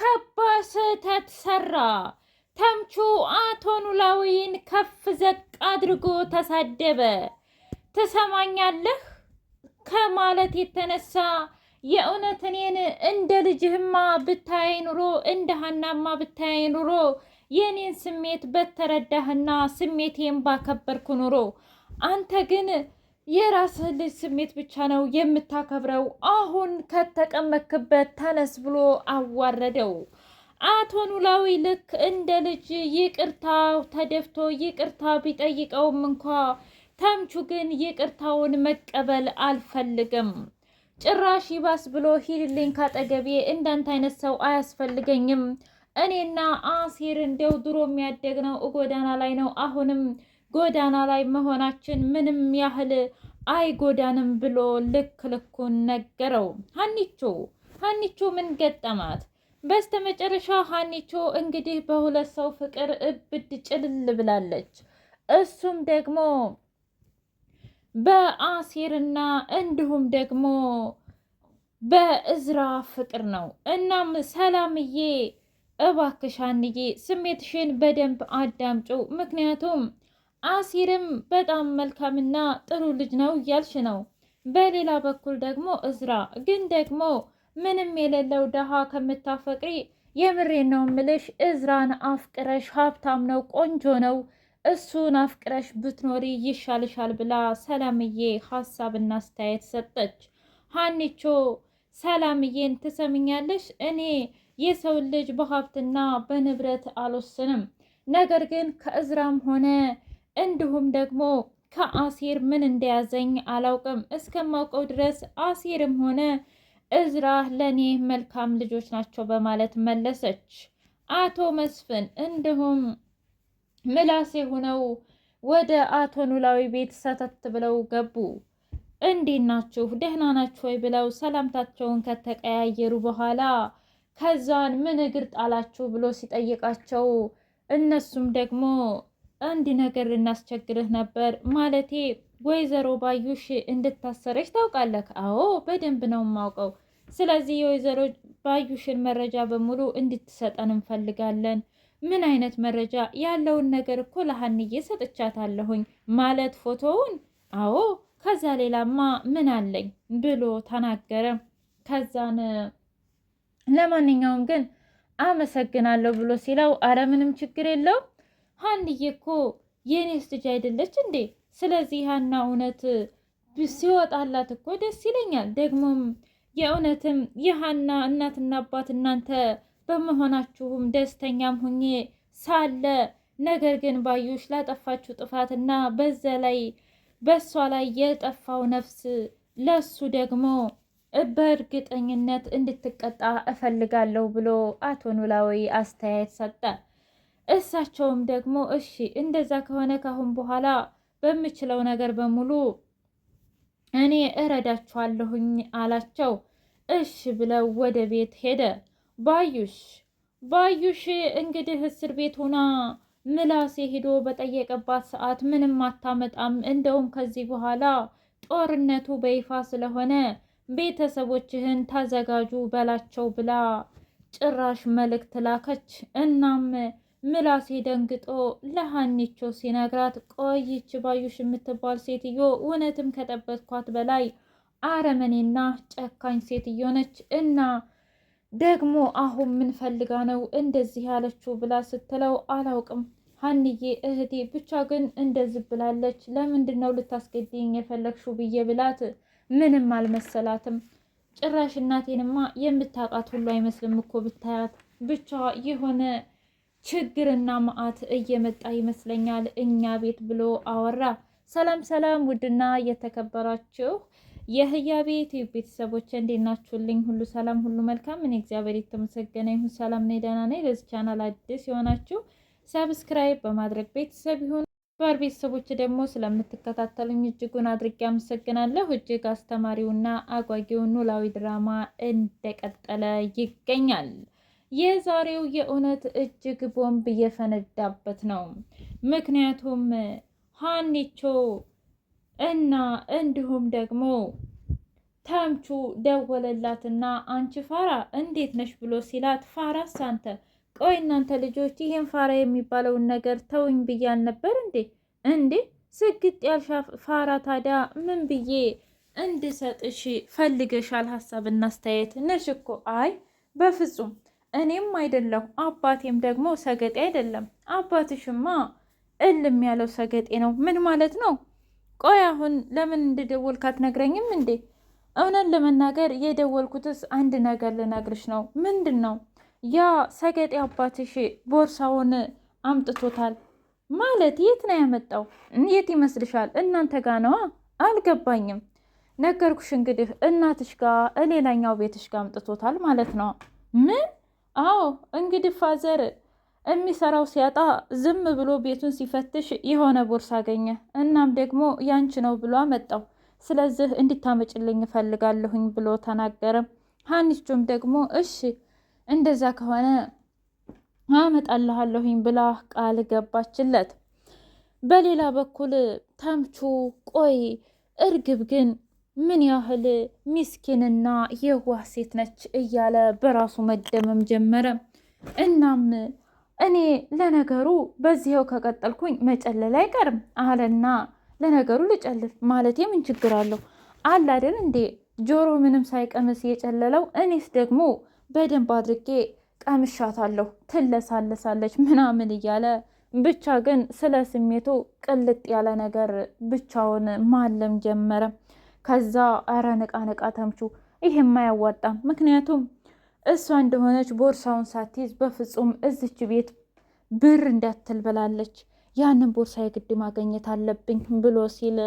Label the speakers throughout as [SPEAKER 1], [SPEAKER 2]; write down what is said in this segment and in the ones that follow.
[SPEAKER 1] ከባድ ስህተት ሰራ። ተምቹ አቶ ኖላዊን ከፍ ዘቅ አድርጎ ተሳደበ። ትሰማኛለህ ከማለት የተነሳ የእውነት እኔን እንደ ልጅህማ ብታይ ኑሮ እንደ ሀናማ ብታይ ኑሮ የእኔን ስሜት በተረዳህና ስሜቴን ባከበርኩ ኑሮ አንተ ግን የራስህ ልጅ ስሜት ብቻ ነው የምታከብረው። አሁን ከተቀመክበት ተነስ ብሎ አዋረደው። አቶ ኖላዊ ልክ እንደ ልጅ ይቅርታ ተደፍቶ ይቅርታ ቢጠይቀውም እንኳ ተምቹ ግን ይቅርታውን መቀበል አልፈልግም፣ ጭራሽ ይባስ ብሎ ሂድልኝ ካጠገቤ፣ እንዳንተ አይነት ሰው አያስፈልገኝም። እኔና አሴር እንደው ድሮ የሚያደግ ነው እጎዳና ላይ ነው አሁንም ጎዳና ላይ መሆናችን ምንም ያህል አይጎዳንም ብሎ ልክ ልኩን ነገረው። ሀኒቾ ሀኒቾ ምን ገጠማት? በስተ መጨረሻ ሀኒቾ እንግዲህ በሁለት ሰው ፍቅር እብድ ጭልል ብላለች። እሱም ደግሞ በአሴርና እንዲሁም ደግሞ በእዝራ ፍቅር ነው። እናም ሰላምዬ እባክሽ ሀኒዬ ስሜትሽን በደንብ አዳምጩ ምክንያቱም አሲርም በጣም መልካምና ጥሩ ልጅ ነው እያልሽ ነው። በሌላ በኩል ደግሞ እዝራ ግን ደግሞ ምንም የሌለው ደሃ ከምታፈቅሪ የምሬ ነው ምልሽ፣ እዝራን አፍቅረሽ ሀብታም ነው ቆንጆ ነው እሱን አፍቅረሽ ብትኖሪ ይሻልሻል ብላ ሰላምዬ ሀሳብና አስተያየት ሰጠች። ሀኒቾ ሰላምዬን ትሰምኛለሽ? እኔ የሰው ልጅ በሀብትና በንብረት አልወስንም፣ ነገር ግን ከእዝራም ሆነ እንዲሁም ደግሞ ከአሴር ምን እንደያዘኝ አላውቅም። እስከማውቀው ድረስ አሴርም ሆነ እዝራ ለእኔ መልካም ልጆች ናቸው በማለት መለሰች። አቶ መስፍን እንዲሁም ምላሴ ሆነው ወደ አቶ ኖላዊ ቤት ሰተት ብለው ገቡ። እንዴት ናችሁ ደህና ናችሁ ወይ ብለው ሰላምታቸውን ከተቀያየሩ በኋላ ከዛን ምን እግር ጣላችሁ ብሎ ሲጠይቃቸው እነሱም ደግሞ አንድ ነገር ልናስቸግርህ ነበር። ማለቴ ወይዘሮ ባዩሽ እንድታሰረች ታውቃለህ? አዎ በደንብ ነው የማውቀው። ስለዚህ የወይዘሮ ባዩሽን መረጃ በሙሉ እንድትሰጠን እንፈልጋለን። ምን አይነት መረጃ? ያለውን ነገር እኮ ለሀንዬ ሰጥቻታለሁኝ። ማለት ፎቶውን? አዎ። ከዛ ሌላማ ምን አለኝ ብሎ ተናገረ። ከዛን ለማንኛውም ግን አመሰግናለሁ ብሎ ሲለው አረ ምንም ችግር የለውም ሀንዬ እኮ የእኔስ ልጅ አይደለች እንዴ? ስለዚህ ሀና እውነት ሲወጣላት እኮ ደስ ይለኛል። ደግሞም የእውነትም የሀና እናትና አባት እናንተ በመሆናችሁም ደስተኛም ሁኜ ሳለ ነገር ግን ባዩሽ ላጠፋችሁ ጥፋትና በዛ ላይ በእሷ ላይ የጠፋው ነፍስ ለሱ ደግሞ በእርግጠኝነት እንድትቀጣ እፈልጋለሁ ብሎ አቶ ኖላዊ አስተያየት ሰጠ። እሳቸውም ደግሞ እሺ እንደዛ ከሆነ ካሁን በኋላ በምችለው ነገር በሙሉ እኔ እረዳችኋለሁኝ አላቸው። እሺ ብለው ወደ ቤት ሄደ። ባዩሽ ባዩሽ እንግዲህ እስር ቤት ሆና ምላሴ ሄዶ በጠየቀባት ሰዓት ምንም አታመጣም። እንደውም ከዚህ በኋላ ጦርነቱ በይፋ ስለሆነ ቤተሰቦችህን ታዘጋጁ በላቸው ብላ ጭራሽ መልእክት ላከች። እናም ምላሴ ደንግጦ ለሀኒቾ ሲነግራት ቆይች ባዩሽ የምትባል ሴትዮ እውነትም ከጠበቅኳት በላይ አረመኔና ጨካኝ ሴትዮ ነች እና ደግሞ አሁን ምን ፈልጋ ነው እንደዚህ ያለችው ብላ ስትለው አላውቅም ሀንዬ እህቴ ብቻ ግን እንደዚህ ብላለች ለምንድን ነው ልታስገድኝ የፈለግሽው ብዬ ብላት ምንም አልመሰላትም ጭራሽ እናቴንማ የምታውቃት ሁሉ አይመስልም እኮ ብታያት ብቻ የሆነ ችግርና መዓት እየመጣ ይመስለኛል እኛ ቤት ብሎ አወራ። ሰላም ሰላም! ውድና የተከበራችሁ የህያ ቤት ቤተሰቦች እንዴት ናችሁልኝ? ሁሉ ሰላም፣ ሁሉ መልካም። እኔ እግዚአብሔር የተመሰገነ ይሁን ሰላም ነኝ፣ ደህና ነኝ። ለዚህ ቻናል አዲስ የሆናችሁ ሰብስክራይብ በማድረግ ቤተሰብ ይሁን። ባር ቤተሰቦች ደግሞ ስለምትከታተሉኝ እጅጉን አድርጌ አመሰግናለሁ። እጅግ አስተማሪውና አጓጊው ኖላዊ ድራማ እንደቀጠለ ይገኛል። የዛሬው የእውነት እጅግ ቦምብ እየፈነዳበት ነው። ምክንያቱም ሀኒቾ እና እንዲሁም ደግሞ ተምቹ ደወለላትና አንቺ ፋራ እንዴት ነሽ ብሎ ሲላት፣ ፋራስ አንተ ቆይ እናንተ ልጆች ይሄን ፋራ የሚባለውን ነገር ተውኝ ብያል ነበር እንዴ? እንዴ ስግጥ ያልሻ ፋራ ታዲያ ምን ብዬ እንድሰጥሽ ፈልገሻል? ሀሳብ እና አስተያየት ነሽ እኮ አይ በፍጹም እኔም አይደለሁ አባቴም ደግሞ ሰገጤ አይደለም። አባትሽማ እልም ያለው ሰገጤ ነው። ምን ማለት ነው? ቆይ አሁን ለምን እንደደወልክ አትነግረኝም እንዴ? እውነን ለመናገር የደወልኩትስ አንድ ነገር ልነግርሽ ነው። ምንድን ነው? ያ ሰገጤ አባትሽ ቦርሳውን አምጥቶታል። ማለት የት ነው ያመጣው? የት ይመስልሻል? እናንተ ጋ ነዋ። አልገባኝም። ነገርኩሽ እንግዲህ እናትሽ ጋ፣ ሌላኛው ቤትሽ ጋ አምጥቶታል ማለት ነው። ምን አዎ እንግዲህ ፋዘር የሚሰራው ሲያጣ ዝም ብሎ ቤቱን ሲፈትሽ የሆነ ቦርሳ አገኘ። እናም ደግሞ ያንቺ ነው ብሎ አመጣው። ስለዚህ እንድታመጭልኝ እፈልጋለሁኝ ብሎ ተናገረ። ሀኒቹም ደግሞ እሺ እንደዛ ከሆነ አመጣልሃለሁኝ ብላ ቃል ገባችለት። በሌላ በኩል ተምቹ ቆይ እርግብ ግን ምን ያህል ሚስኪንና የዋህ ሴት ነች እያለ በራሱ መደመም ጀመረ። እናም እኔ ለነገሩ በዚያው ከቀጠልኩኝ መጨለል አይቀርም አለና ለነገሩ ልጨልል ማለቴ ምን ችግር አለው? አለ አይደል እንዴ ጆሮ ምንም ሳይቀምስ የጨለለው። እኔስ ደግሞ በደንብ አድርጌ ቀምሻታለሁ፣ ትለሳለሳለች ምናምን እያለ ብቻ ግን ስለ ስሜቱ ቅልጥ ያለ ነገር ብቻውን ማለም ጀመረ። ከዛ ኧረ ንቃ ንቃ ተምቹ፣ ይሄም አያዋጣም። ምክንያቱም እሷ እንደሆነች ቦርሳውን ሳትይዝ በፍጹም እዚች ቤት ብር እንዳትል ብላለች። ያንን ቦርሳ የግድ ማገኘት አለብኝ ብሎ ሲል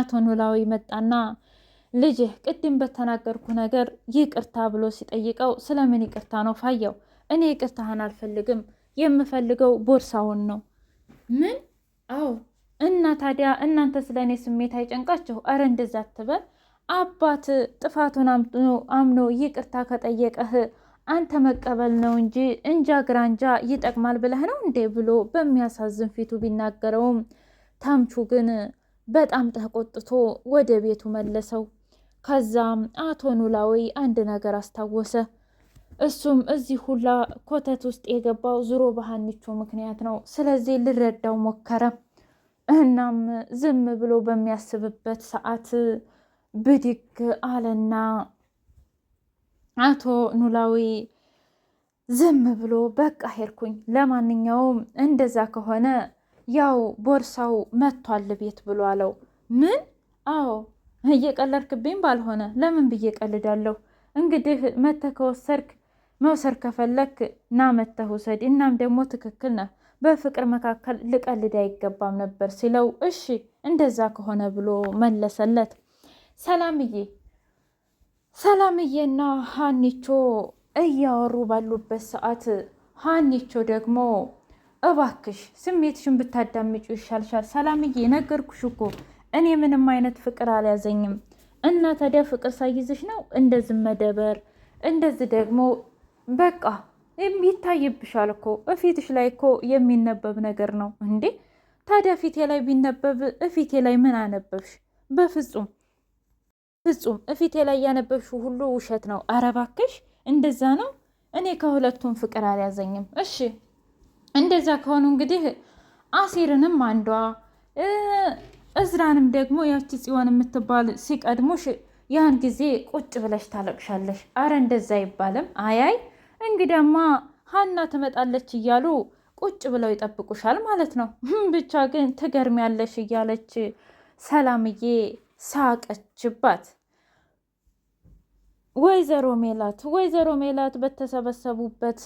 [SPEAKER 1] አቶ ኖላዊ መጣና ልጅህ ቅድም በተናገርኩ ነገር ይቅርታ ብሎ ሲጠይቀው ስለምን ይቅርታ ነው ፋየው? እኔ ይቅርታህን አልፈልግም፣ የምፈልገው ቦርሳውን ነው። ምን? አዎ እና ታዲያ እናንተ ስለ እኔ ስሜት አይጨንቃችሁ። አረ እንደዛ ትበል። አባት ጥፋቱን አምኖ ይቅርታ ከጠየቀህ አንተ መቀበል ነው እንጂ እንጃ ግራንጃ ይጠቅማል ብለህ ነው እንዴ ብሎ በሚያሳዝን ፊቱ ቢናገረውም ተምቹ ግን በጣም ተቆጥቶ ወደ ቤቱ መለሰው። ከዛም አቶ ኖላዊ አንድ ነገር አስታወሰ። እሱም እዚህ ሁላ ኮተት ውስጥ የገባው ዙሮ በሀኒቾ ምክንያት ነው። ስለዚህ ልረዳው ሞከረ። እናም ዝም ብሎ በሚያስብበት ሰዓት ብድግ አለና አቶ ኖላዊ ዝም ብሎ በቃ ሄድኩኝ፣ ለማንኛውም እንደዛ ከሆነ ያው ቦርሳው መቷል ቤት ብሎ አለው። ምን? አዎ እየቀለድክብኝ ባልሆነ ለምን ብዬ ቀልዳለሁ? እንግዲህ መተህ ከወሰድክ መውሰድ ከፈለክ ና መተህ ውሰድ። እናም ደግሞ ትክክል ነህ በፍቅር መካከል ልቀልድ አይገባም ነበር ሲለው እሺ እንደዛ ከሆነ ብሎ መለሰለት። ሰላምዬ ሰላምዬና ሀኒቾ እያወሩ ባሉበት ሰዓት ሀኒቾ ደግሞ እባክሽ ስሜትሽን ብታዳምጩ ይሻልሻል። ሰላምዬ ነገርኩሽ እኮ እኔ ምንም አይነት ፍቅር አልያዘኝም። እና ታዲያ ፍቅር ሳይዝሽ ነው እንደዚህ መደበር እንደዚህ ደግሞ በቃ የሚታይብሻል እኮ እፊትሽ ላይ እኮ የሚነበብ ነገር ነው እንዴ! ታዲያ ፊቴ ላይ ቢነበብ እፊቴ ላይ ምን አነበብሽ? በፍጹም ፍጹም እፊቴ ላይ ያነበብሽ ሁሉ ውሸት ነው። ኧረ እባክሽ እንደዛ ነው። እኔ ከሁለቱም ፍቅር አልያዘኝም። እሺ እንደዛ ከሆኑ እንግዲህ አሲርንም አንዷ እዝራንም ደግሞ ያቺ ጽዮን የምትባል ሲቀድሙሽ ያን ጊዜ ቁጭ ብለሽ ታለቅሻለሽ። አረ እንደዛ አይባልም። አያይ እንግዳማ ሀና ትመጣለች እያሉ ቁጭ ብለው ይጠብቁሻል ማለት ነው። ብቻ ግን ትገርሚያለሽ እያለች ሰላምዬ ሳቀችባት። ወይዘሮ ሜላት ወይዘሮ ሜላት በተሰበሰቡበት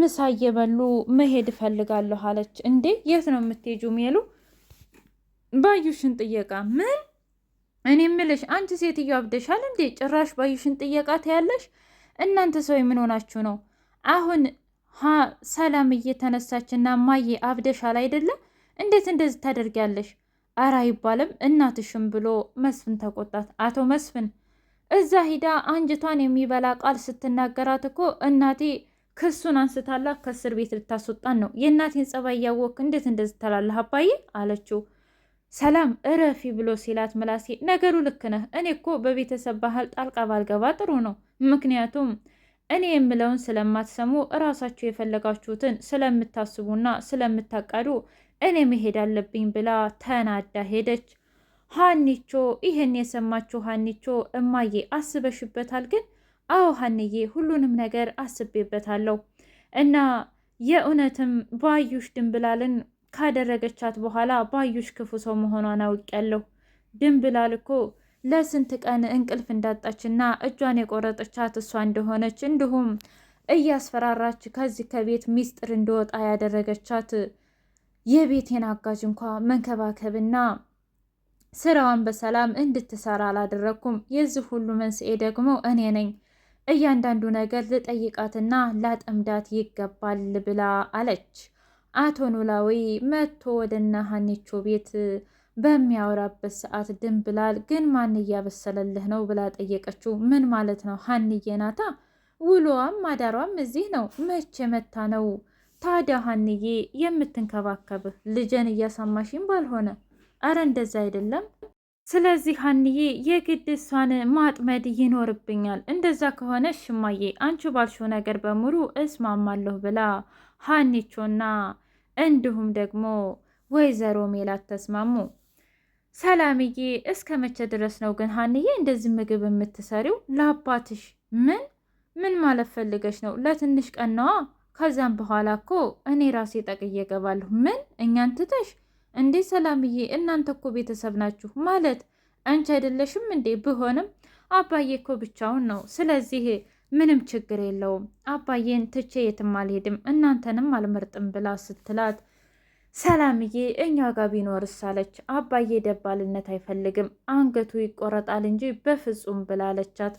[SPEAKER 1] ምሳ እየበሉ መሄድ እፈልጋለሁ አለች። እንዴ የት ነው የምትሄጁ? ሜሉ ባዩሽን ጥየቃ። ምን እኔ ምልሽ አንቺ ሴትዮ አብደሻል እንዴ? ጭራሽ ባዩሽን ጥየቃ ትያለሽ? እናንተ ሰው ሆናችሁ ነው? አሁን ሰላም እየተነሳች እና ማዬ አብደሻል አይደለም እንዴት እንደዚህ ታደርጊያለሽ? አረ አይባልም እናትሽም ብሎ መስፍን ተቆጣት። አቶ መስፍን እዛ ሂዳ አንጅቷን የሚበላ ቃል ስትናገራት እኮ እናቴ ክሱን አንስታላ ከእስር ቤት ልታስወጣን ነው። የእናቴን ጸባይ እያወቅህ እንዴት እንደዚህ ትላለህ አባዬ አለችው። ሰላም እረፊ ብሎ ሲላት ምላሴ ነገሩ ልክ ነህ፣ እኔ እኮ በቤተሰብ ባህል ጣልቃ ባልገባ ጥሩ ነው። ምክንያቱም እኔ የምለውን ስለማትሰሙ እራሳችሁ የፈለጋችሁትን ስለምታስቡና ስለምታቃዱ እኔ መሄድ አለብኝ ብላ ተናዳ ሄደች። ሀኒቾ ይህን የሰማችው ሀኒቾ እማዬ አስበሽበታል? ግን አዎ ሀንዬ፣ ሁሉንም ነገር አስቤበታለሁ እና የእውነትም ባዩሽ ድንብላልን ካደረገቻት በኋላ ባዩሽ ክፉ ሰው መሆኗን አውቄያለሁ። ድንብላል እኮ ለስንት ቀን እንቅልፍ እንዳጣችና እጇን የቆረጠቻት እሷ እንደሆነች እንዲሁም እያስፈራራች ከዚህ ከቤት ሚስጥር እንደወጣ ያደረገቻት የቤቴን አጋዥ እንኳ መንከባከብና ስራዋን በሰላም እንድትሰራ አላደረግኩም። የዚህ ሁሉ መንስኤ ደግሞ እኔ ነኝ። እያንዳንዱ ነገር ልጠይቃትና ላጠምዳት ይገባል ብላ አለች። አቶ ኖላዊ መጥቶ ወደና ሀኒቾ ቤት በሚያወራበት ሰዓት ብላል። ግን ማን እያበሰለልህ ነው ብላ ጠየቀችው። ምን ማለት ነው ሀንዬ ናታ፣ ውሎዋም ማዳሯም እዚህ ነው። መቼ መታ ነው ታዲያ ሀንዬ የምትንከባከብህ? ልጄን እያሳማሽም ባልሆነ። አረ እንደዛ አይደለም። ስለዚህ ሀንዬ የግድ እሷን ማጥመድ ይኖርብኛል። እንደዛ ከሆነ ሽማዬ፣ አንቺ ባልሽው ነገር በሙሉ እስማማለሁ ብላ ሀኒቾና እንዲሁም ደግሞ ወይዘሮ ሜላት ተስማሙ። ሰላምዬ እስከ መቼ ድረስ ነው ግን ሀንዬ እንደዚህ ምግብ የምትሰሪው? ለአባትሽ ምን ምን ማለት ፈልገሽ ነው? ለትንሽ ቀን ነዋ። በኋላ እኮ እኔ ራሴ ጠቅዬ እገባለሁ። ምን እኛን ትተሽ እንዴ? ሰላምዬ እናንተ እኮ ቤተሰብ ናችሁ ማለት አንቺ አይደለሽም እንዴ? ብሆንም አባዬ እኮ ብቻውን ነው። ስለዚህ ምንም ችግር የለውም አባዬን ትቼ የትም አልሄድም እናንተንም አልመርጥም ብላ ስትላት ሰላምዬ እኛ ጋር ቢኖርስ አለች። አባዬ ደባልነት አይፈልግም አንገቱ ይቆረጣል እንጂ በፍጹም ብላለቻት።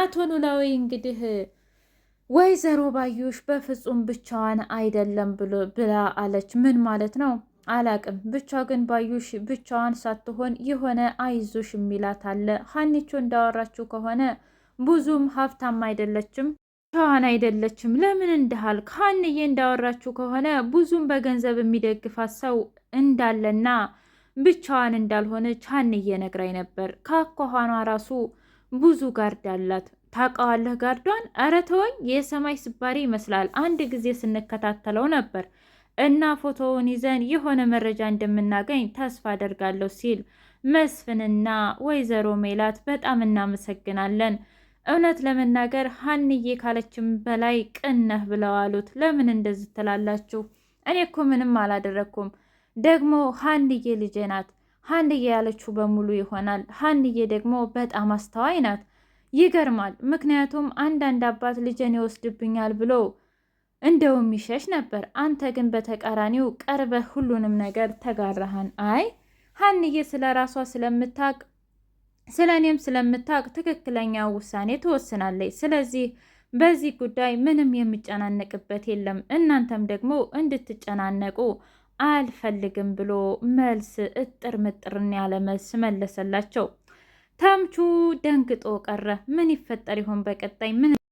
[SPEAKER 1] አቶ ኖላዊ እንግዲህ ወይዘሮ ባዩሽ በፍጹም ብቻዋን አይደለም ብላ አለች። ምን ማለት ነው አላቅም። ብቻ ግን ባዩሽ ብቻዋን ሳትሆን የሆነ አይዞሽ የሚላት አለ። ሀኒቾ እንዳወራችው ከሆነ ብዙም ሀብታም አይደለችም፣ ሸዋን አይደለችም። ለምን እንዳሃል ሀንዬ እንዳወራችው ከሆነ ብዙም በገንዘብ የሚደግፋት ሰው እንዳለና ብቻዋን እንዳልሆነች ሀንዬ ነግራኝ ነበር። ከአኳኋኗ ራሱ ብዙ ጋርድ አላት። ታውቀዋለህ ጋርዷን? ኧረ ተወኝ፣ የሰማይ ስባሪ ይመስላል። አንድ ጊዜ ስንከታተለው ነበር እና ፎቶውን ይዘን የሆነ መረጃ እንደምናገኝ ተስፋ አደርጋለሁ ሲል መስፍንና ወይዘሮ ሜላት በጣም እናመሰግናለን እውነት ለመናገር ሀንዬ ካለችም በላይ ቅን ነህ ብለው አሉት። ለምን እንደዚህ ትላላችሁ? እኔ እኮ ምንም አላደረግኩም። ደግሞ ሀንዬ ልጄ ናት። ሀንዬ ያለችው በሙሉ ይሆናል። ሀንዬ ደግሞ በጣም አስተዋይ ናት። ይገርማል። ምክንያቱም አንዳንድ አባት ልጄን ይወስድብኛል ብሎ እንደውም ይሸሽ ነበር። አንተ ግን በተቃራኒው ቀርበህ ሁሉንም ነገር ተጋራሃን። አይ ሀንዬ ስለ ራሷ ስለምታውቅ ስለ እኔም ስለምታውቅ ትክክለኛ ውሳኔ ትወስናለች። ስለዚህ በዚህ ጉዳይ ምንም የሚጨናነቅበት የለም። እናንተም ደግሞ እንድትጨናነቁ አልፈልግም ብሎ መልስ እጥር ምጥርን ያለ መልስ መለሰላቸው። ተምቹ ደንግጦ ቀረ። ምን ይፈጠር ይሆን በቀጣይ?